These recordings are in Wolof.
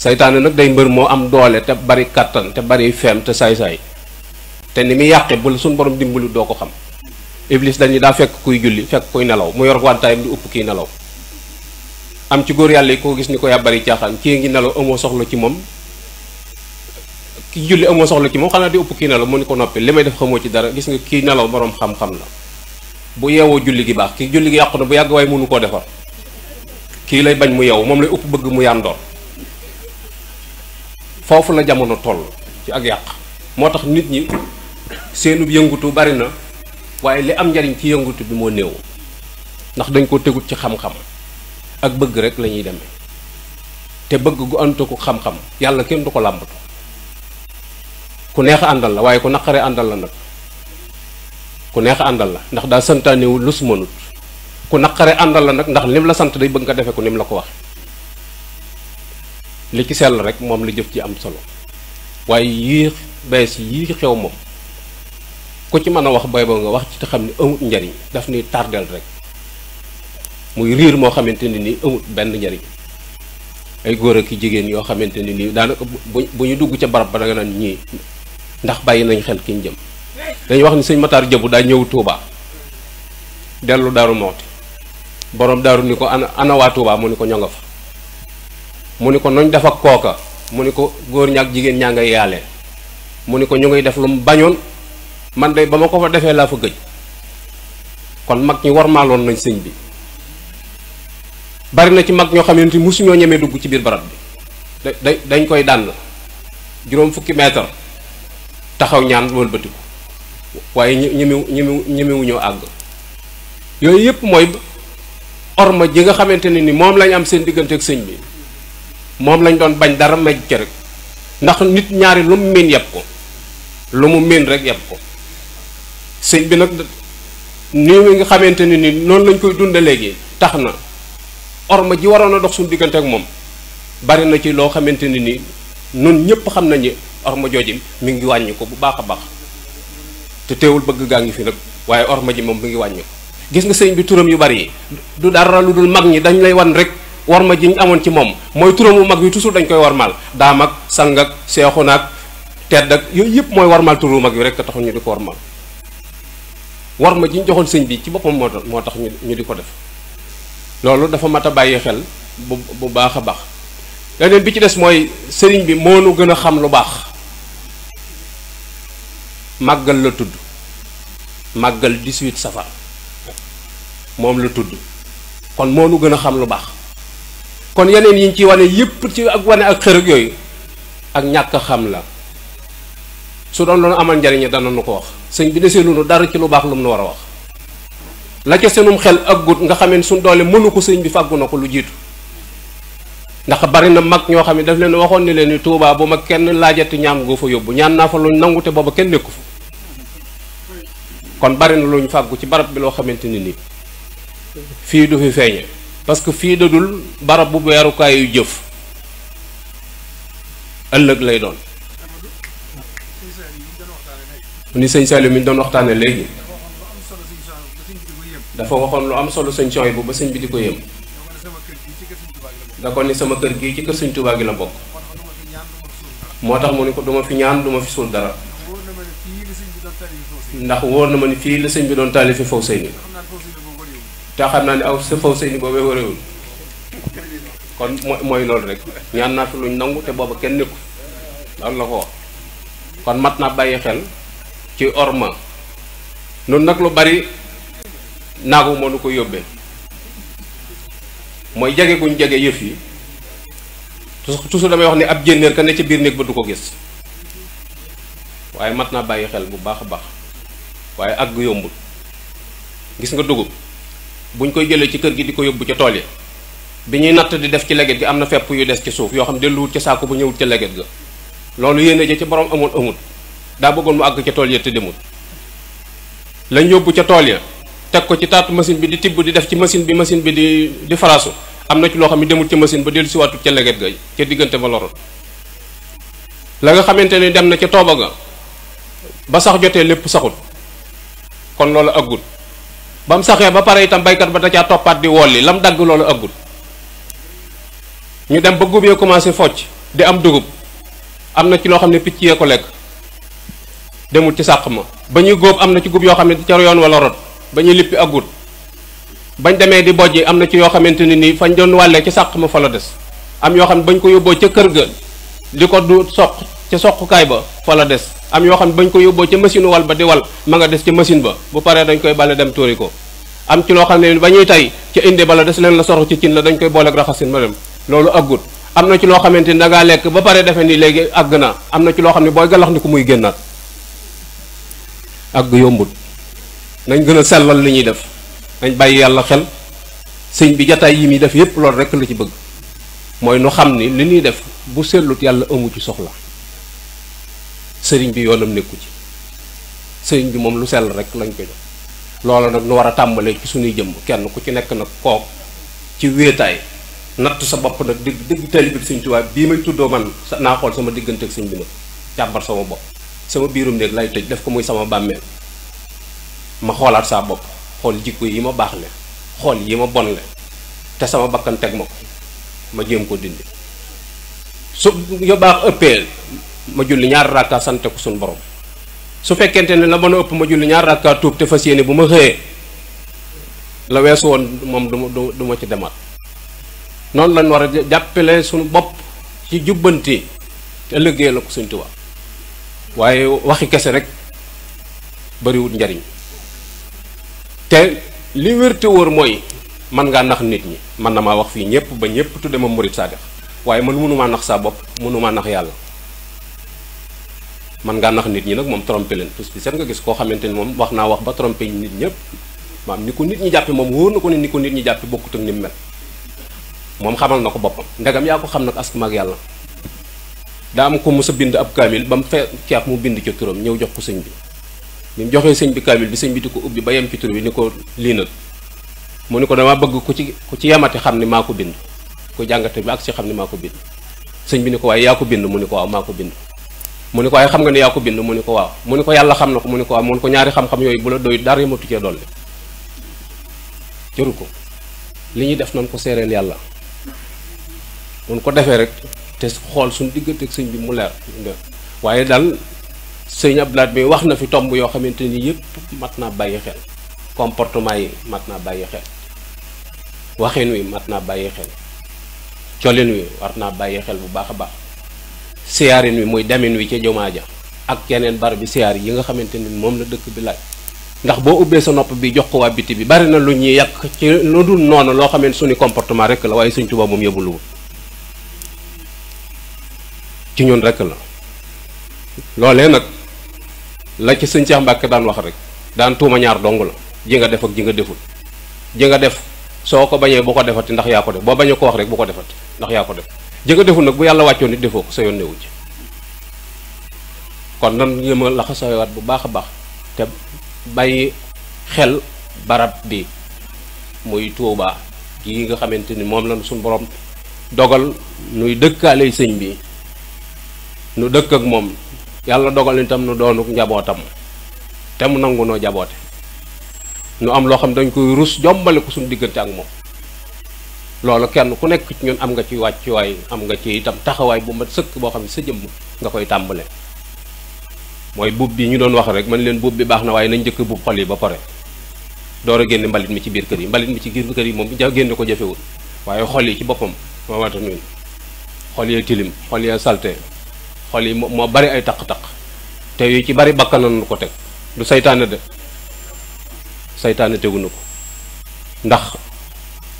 saytane nak day mbeur mo am doole te bari katan te bari fem te say say te ni muy yàqe bu sun borom dimbulu xam iblis dañu da fekk kuy julli fekk kuy nelaw mu yor wantaayam du upp ki nelaw am ci gor yalla ko gis ni ko ya bari caaxaan ki ngi nelaw amo soxlo ci mom ki julli amo soxlo ci mom xana di upp ki nelaw mu ni ko noppi limay def xamoo ci dara gis nga ki nelaw borom xam-xam la bu yeewoo julli gi bax ki julli gi yaqku bu yag way mu nu ko defal ki lay bañ mu mom lay upp bëgg mu yandor fofu la jamono toll ci ak yàq motax nit ñi seenu yëngutu bari na waye li am jariñ ci yëngutu bi mo neew ndax dañ ko tegut ci xam-xam ak bëgg rek la ñuy té te bëgg gu antu ko xam-xam yalla kenn duko ko ku neex andal la waye ku naqare andal la nak ku neex andal la ndax da santane wu lus monut ku naqare andal la nak ndax lim la sant day bëgg nga defe ko nim la ko waxe li ci sel rek mom la jëf ci am solo waaye yii bes yii xew mom ku ci mëna a wax bay nga wax ci te xam ne amut daf ni tardel rek muy rir mo xamanteni ni amut ben ndari ay goor ak jigen yo xamanteni ni daanaka bu dugg ci barab ba da nga nan ñi ndax bayyi nañ xel kiñ jëm dañ wax ni señ matar jëbu da ñew touba delu daru mot borom daru ni ko ana ana waa tuubaa mu ni ko ñonga fa Muniko ko noñ def ak koka mu ko góor ñaak jigéen ñaa nga yaale mu ko ñu ngay def lu mu bañoon man day bama ko fa defé la fa gej kon mag ñi warmaaloon nañ señ bi bari na ci mag ño xamanteni musu musuñoo ñemee dugg ci bir barat bi dañ koy dànn juroom fukki meter taxaw ñaan waye waaye ñemewu ñemewu wu ñoo ag yoy yep moy orma ji nga xamanteni ni mom lañ am seen digënté ak señ bi mom lañ doon bañ dara meg ci rek ndax nit ñaari lu min yeb ko lu mu min rek yeb ko señ bi nak ni nga xamanteni ni non lañ koy dunde léegi taxna orma ji warona dox sun diggante ak mom bari na ci lo xamanteni ni nun ñëpp xam ni orma jojim mi ngi wañu ko bu baaxa te teewul bëgg gaa fi nak waye orma ji mom mi ngi wañu gis nga señ bi turam yu bari du dara lu dul mag ñi dañ lay wan rek war ma ji ñu amoon ci moom mooy turam bu mag yi toujours dañ koy war daam ak sang ak seexu naag tedd ak yooyu yëpp mooy warmaal turu mag yi rek taxul ñu di ko warmaal war ma ji ñu joxoon sëñ bi ci boppam moo moo tax ñu di ko def loolu dafa mat a bàyyi xel bu baax a baax leneen bi ci des mooy sëriñ bi moo nu gën a xam lu baax màggal la tudd màggal 18 safar moom la tudd kon moo nu gën a xam lu baax kon yeneen yi ñu ci wane yépp ci ak wane ak xërëg yooyu ak ñàkk xam la su doon loolu amal njariñ dana nu ko wax sëñ bi desee lu dara ci lu baax lu mu nu war a wax la ca seenum xel ak gut nga xam ne suñ doole mënu ko sëñ bi fàggu na ko lu jiitu ndax bari na mag ñoo xam ne daf leen waxoon ni leen ni Tuubaa bu ma kenn laajati ñaam goo fa yóbbu ñaan naa fa luñ nangu te booba kenn nekku fa kon bari na ñu fàggu ci barab bi loo xamante ni nii fii du fi feeñe parce que fii dadul barab bu weerukaay yu jëf ëllëg lay doon ni sëñ Saliou mi doon waxtaane léegi dafa waxoon lu am solo sëñ Sooy bu ba sëñ bi di ko yëm da ko ni sama kër gii ci kër sëñ Tuubaa gi la bokk moo tax mu ni ko duma fi ñaan duma fi suul dara ndax wóor na ma ni fii la sëñ bi doon taalifi faw sëy ni te xam naa ni aw sa faw sëy ni boobee wareewul kon mooy loolu rek ñaan naa fi luñ nangu te booba kenn nekku loolu kon mat naa bàyyi xel ci orma noonu nag lu bari naagu moo nu ko yóbbee mooy jege guñ jege yëf yi toujours damay wax ni ab jénnéer ka ne ci biir néeg ba du ko gis waaye mat naa bàyyi xel bu baax a baax waaye àgg yombul gis nga dugub buñ koy jëlé ci kër gi diko yobbu ci tool yi ya. bi natt di def ci leget gi amna na fepp yu dess ci suuf yo xam delluwut ci saako bu ñewul ci leget ga loolu yéene ja ci borom amul amut Dabu bëggoon mu ag ci tool yi ya te demul lañ yóbbu ci tool ya tek ko ci taatu machine bi di tibbu di def ci machine bi machine bi di di farasu amna ci lo xam ne demut machine ba dellu si watu ca leget ga ci diggante ba loroon la nga xamante dem na ci toba ga ba sax jotté lepp saxul kon loolu agul bam saxé ba paré itam baykat ba da ca topat di wolli lam dag lolu agul ñu dem ba gubé commencé focc di am dugub amna ci lo xamné picci ye ko lek demul ci sàq ma ba ñuy ci gub yo xamné ci ca wala rot bañu lippi agul bañ démé di bojji amna ci yo xamanteni ni fañ doon walé ci sàq ma fa la des am yo xamné bañ ko yobbo ci kër ga di du sokk ci sokku kay ba fa la des am yoo xam ne bañ ko yóbboo ca machine wal ba di wal ma nga des ca machine ba bu paree dañ koy bale dem tuuri ko am ci loo xam ne ba ñuy tey ca indi bala des leen la soro ci cin la dañ koy booleeg raxasin ma dem loolu aggut am na ci loo xamante ni da lekk ba pare defe ni léegi àgg na am na ci loo xam ne booy galax ni ko muy génnaat àgg yombut nañ gën a sellal li ñuy def nañ bàyyi yàlla xel sëñ bi jataay yi muy def yépp loolu rek la ci bëgg mooy nu xam ni li ñuy def bu sellut yàlla amu ci soxla sëriñ bi yoonam nekku ci sëriñ bi moom lu sell rek lañ ko jox loola nag nu war a tàmbalee ci suñuy jëmm kenn ku ci nekk nag kook ci wéetaay natt sa bopp nag dëgg dëgg taalibe bi Sëriñ Tuubaa bii may tuddoo man naa xool sama diggante ak sëriñ bi nag càmbar sama bopp sama biirum néeg lay tëj def ko muy sama bàmmeel ma xoolaat saa bopp xool jikko yi ma baax le xool yi ma bon le te sama bakkan teg ma ko ma jéem ko dindi su yo baax ëppee ma julli ñaar rakka sante ko sun borom su fekente ne la mën upp ma julli ñaar rakka tuup te fasiyene yéene bu ma xëyee la weesu won mom duma du ci demat non lañ wara jappelé sun bop ci jubbanti te liggéey la ko sun tuwa waye waxi kesse rek wut njariñ te li wérte wor moy man nga nax nit ñi man na ma wax fi ñepp ba ñepp tudde ma mourid sadiq waye man mënumaa nax saa bopp mënumaa nax yalla man ngaa nax nit ñi nag moom trompé leen parce que seet nga gis koo xamante ni moom wax naa wax ba trompé nit ñëpp maam ni ko nit ñi jàppe moom wóor na ko ni ko nit ñi jàppe bokkut ak ni mu mel moom xamal na ko boppam ndegam yaa ko xam nag askan ak yàlla daa am ko mos a bind ab kaamil ba mu fe mu bind ca turam ñëw jox ko sëñ bi bi mu joxee sëñ bi kaamil bi sëñ bi di ko ubbi ba yem ci bi ni ko lii nag mu ni ko dama bëgg ku ci ku ci yemate xam ne maa ko bind ku jàngate bi ak si xam ne maa ko bind sëñ bi ni ko waaye yaa ko bind mu ni ko am maa ko bind mu ni ko ay xam nga ni yaa ko bind mu ni ko waaw mu ni ko yàlla xam na ko mu ni ko waaw mu ni ko ñaari xam-xam yooyu bu la doy dara ma tuccee dolli jëru ko li ñuy def nan ko seereel yàlla mun ko defee rek te xool suñ diggante ak sëñ bi mu leer waaye daal sëñ bi wax na fi tomb yoo xamante ni yépp mat naa bàyyi xel comportement yi mat naa bàyyi xel waxin wi mat naa bàyyi xel colin wi war naa bàyyi xel bu baax a baax siarin wi moy damin wi ci jumaa ak keneen bar bi siar yi nga xamanteni mom la dëkk bi laaj ndax bo ubbe sa nopp bi jox ko wa biti bi bari na lu ñi yak ci lu dul non lo xamanteni suñu comportement rek la waaye suñ tuba yebul yëbuluwul ci ñun rek la lolé nak la ci sëñ Cheikh Mbacke daan wax rek daan tuuma ñaar dong la ji nga def ak ji nga deful ji nga def soko ko bu ko defati ndax ya ko def bo ko wax rek bu ko defati ndax ya ko def jëkk defu nag bu yàlla wàccoon nit defoo ko sa yoon newu ci kon nan jéem a laxasoowaat bu baax a baax te bàyyi xel barab bi muy tuubaa gi nga xamante ni moom lañu suñ borom dogal nuy dëkkaale sëñ bi nu dëkk ak moom yàlla dogal itam nu doonuk njabootam te mu nangu noo jaboote nu am loo xam dañ koy rus jombale ko suñu diggante ak moom loolu kenn ku nekk ci ñun am nga ci wàccuwaay am nga ci itam taxawaay bu mat sëkk boo xam ne sa jëmm nga koy tàmbale mooy buub bi ñu doon wax rek man leen buub bi baax na waaye nañ jëkk buub xol yi ba pare door a génne mbalit mi ci biir kër yi mbalit mi ci biir kër yi moom génne ko jafewul waaye xol yi ci boppam moo wata nun xol yee tilim xol yee salte xol yi moo bari ay taq-taq te yu ci bari bakkananu ko teg du seytaane de saytaane tegu na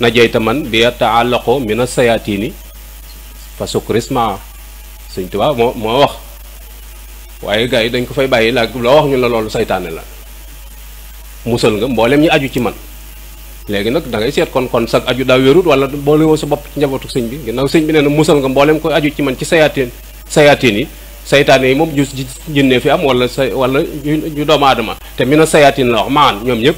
najayta man bi ta'allaqu min as-sayatini fa sukrisma seigne touba mo mo wax waye gaay dañ ko fay baye la lo wax ñu la lolu saytané la musal nga mbolem ñi aju ci man legi nak da ngay set kon kon sak aju da werut wala bolé wo sa bop ci njabotu seigne bi ginaaw seigne bi neena musal nga mbolem ko aju ci man ci sayatin sayatini saytané yi mom ju jinne fi am wala wala ju doom adama te mina sayatin la wax man ñom ñep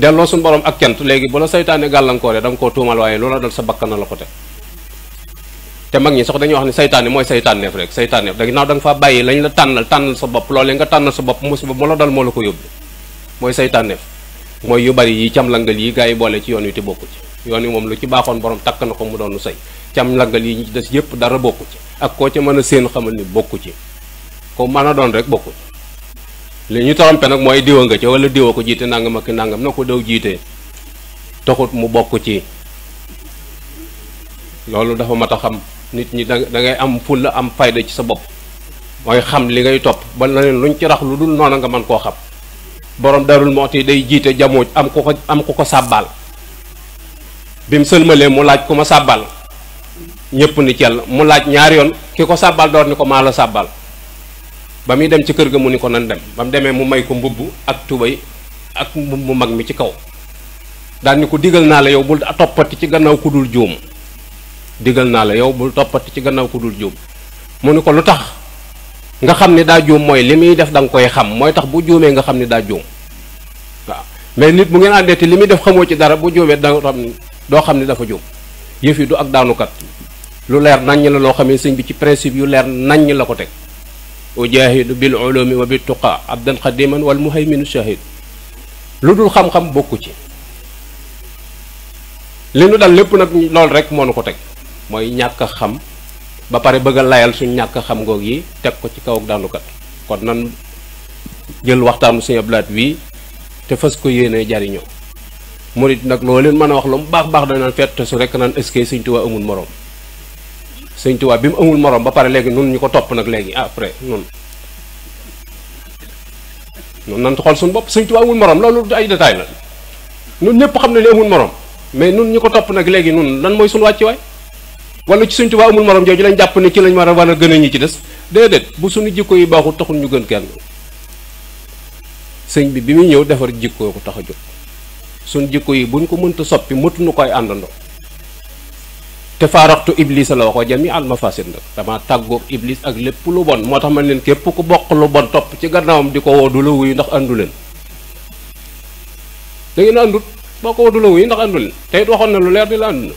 delloo suñu borom ak cant léegi bu la saytaane gàllankooree da nga koo tuumal waaye loola dal sa bakkan na la ko teg te mag ñi sax dañuy wax ne saytaane mooy saytaaneef rek saytaaneef da naaw da nga faa lañ la tànnal tànnal sa bopp loolee nga tànnal sa bopp musiba moo la dal moo ko yóbbu mooy saytaaneef mooy yu bari yi camlangal yi gars yi boolee ci yoon wi te bokku ci yoon wi moom lu ci baaxoon borom takk na ko mu doonu say camlangal yi des yëpp dara bokk ci ak koo ca mën a séen xamal ni bokk ci ko mën a doon rek bokk li ñu torompé nak moy diwa nga ci wala diwa ko jité nangam ak nangam nako ko daw jiite taxut mu bokku ci lolu dafa mata xam nit ñi da ngay am ful am fayda ci sa bop moy xam li ngay top ba na luñ ci rax lu dul nga man ko xam borom darul moti day jité jamo am ko am ko ko sabbal bim sëlmalee mu laaj ku ma sàbbaal ñëpp ni ciel mu laaj ñaar yon kiko sabbal ni ko mala sabbal ba muy dem ci kër gi mu ni ko nan dem ba mu demee mu may ko mbubb ak tubéy ak mbubb mu mag mi ci kaw daal ni ko digal naa la yow bul toppati ci gannaaw ku dul juum diggal naa la yow bu toppati ci gannaaw ku dul juum mu ni ko lu tax nga xam ni daa juum mooy li muy def da koy xam mooy tax bu juumee nga xam ni daa juum waaw mais nit bu ngeen àndee te li muy def xamoo ci dara bu juumee da xam xam doo xam ni dafa juum yëf yi ak daanukat lu leer naññ la loo xamee sëñ bi ci principe yu leer naññ la ko teg ujaahidu bil ulumi wa bit tuqa abdan xadiman wal muhayminu shahid lu dul xam-xam bokku ci li nu dal lépp nag loolu rek moo nu ko teg mooy ñàkk xam ba pare bëgg a layal suñ ñàkk xam ngoog yi teg ko ci kaw ak daanukat kon nan jël waxtaanu Sëñ Abdu Lahat wii te fas ko yéene jariñoo murit nag loo leen mën a wax lu mu baax baax danaan fett su rek naan eskay Sëñ Tuubaa amul moroom sëñ Tuubaa bi mu amul moroom ba pare léegi nun ñu ko topp nag léegi ah, après nun nun nan xool suñu bopp sëñ Tuubaa amul morom loolu ay détail la nun ñëpp xam ne ne amul moroom mais nun ñu ko topp nag léegi nun lan mooy suñu wàccuwaay wala ci sëñ Tuubaa amul moroom jooju lañ jàpp ne ci lañ war a war a gën a ñi ci des déedéet bu suñu jikko yi baaxul taxul ñu gën kenn sëñ bi bi mu ñëw defar jikko ko tax a jóg suñ jikko yi buñ ko mënta soppi mëtuñu koy àndandoo te faaraxtu iblis la waxoo jami al mafasid nag dama tàggoog iblis ak lépp lu bon moo tax ma leen képp ku bokk lu bon topp ci gannaawam di ko woo du la wuyu ndax àndu leen àndut boo ko woo du la wuyu ndax àndu leen te waxoon na lu leer di la àndu na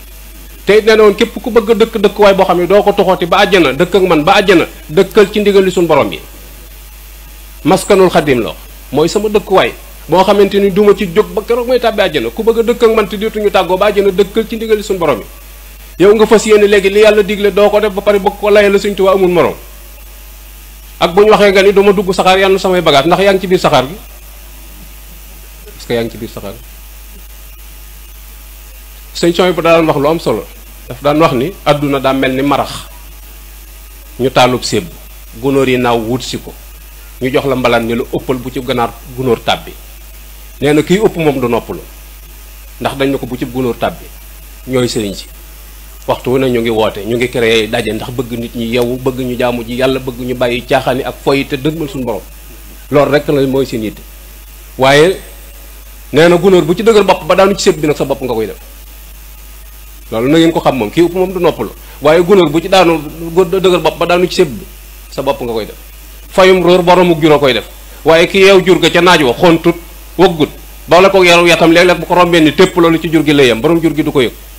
te it nee na woon képp ku bëgg a dëkk dëkkuwaay boo xam ne doo ko toxooti ba àjjana dëkk ak man ba àjjana dëkkal ci ndigal li suñu borom yi maskanul xadim la mooy sama dëkkuwaay moo xamante ni duma ci jóg ba keroog may tàbbi àjjana ku a dëkk ak man te dootuñu tàggoo ba àjjana ci ndigal suñu borom yi yow nga fas yéene léegi li yàlla digle doo ko def ba pare bëgg ko la suñ tuba amul morom ak buñ waxee nga ni duma dugg saxaar yannu samay bagage ndax yaa ngi ci biir saxaar gi parce que yaa ngi ci biir saxaar sëñ cooy daan wax lu am solo daf daan wax ni àdduna daa mel ni marax ñu taalub sébb gunóor yi naaw wut si ko ñu jox la mbalan ni lu ëppal bu ci ganaar gunóor tàbbi nee na kiy ëpp moom du ndax dañ ne bu ci gunóor tàbbi ñooy sëriñ ci waxtu wu ne ñu ngi woote ñu ngi créé daje ndax bëgg nit ñi yeewu bëgg ñu jaamu ji yàlla bëgg ñu bàyyi caaxaan yi ak foy te dëgmal suñu borom loolu rek la mooy seen yitte waaye nee na gunóor bu ci dëgër bopp ba daanu ci sëb bi nag sa bopp nga koy def loolu na ngeen ko xam moom kii upp moom du noppalu waaye gunóor bu ci daanu dëgër bopp ba daanu ci sëb sa bopp nga koy def fayum róor boromu juró koy def waaye ki yeew jur ga ca naaj wa xontut wëggut ba la ko yeru yatam léeg-léeg bu ko rombee ni tépp loolu ci jur gi la yem borom jur gi du ko yëg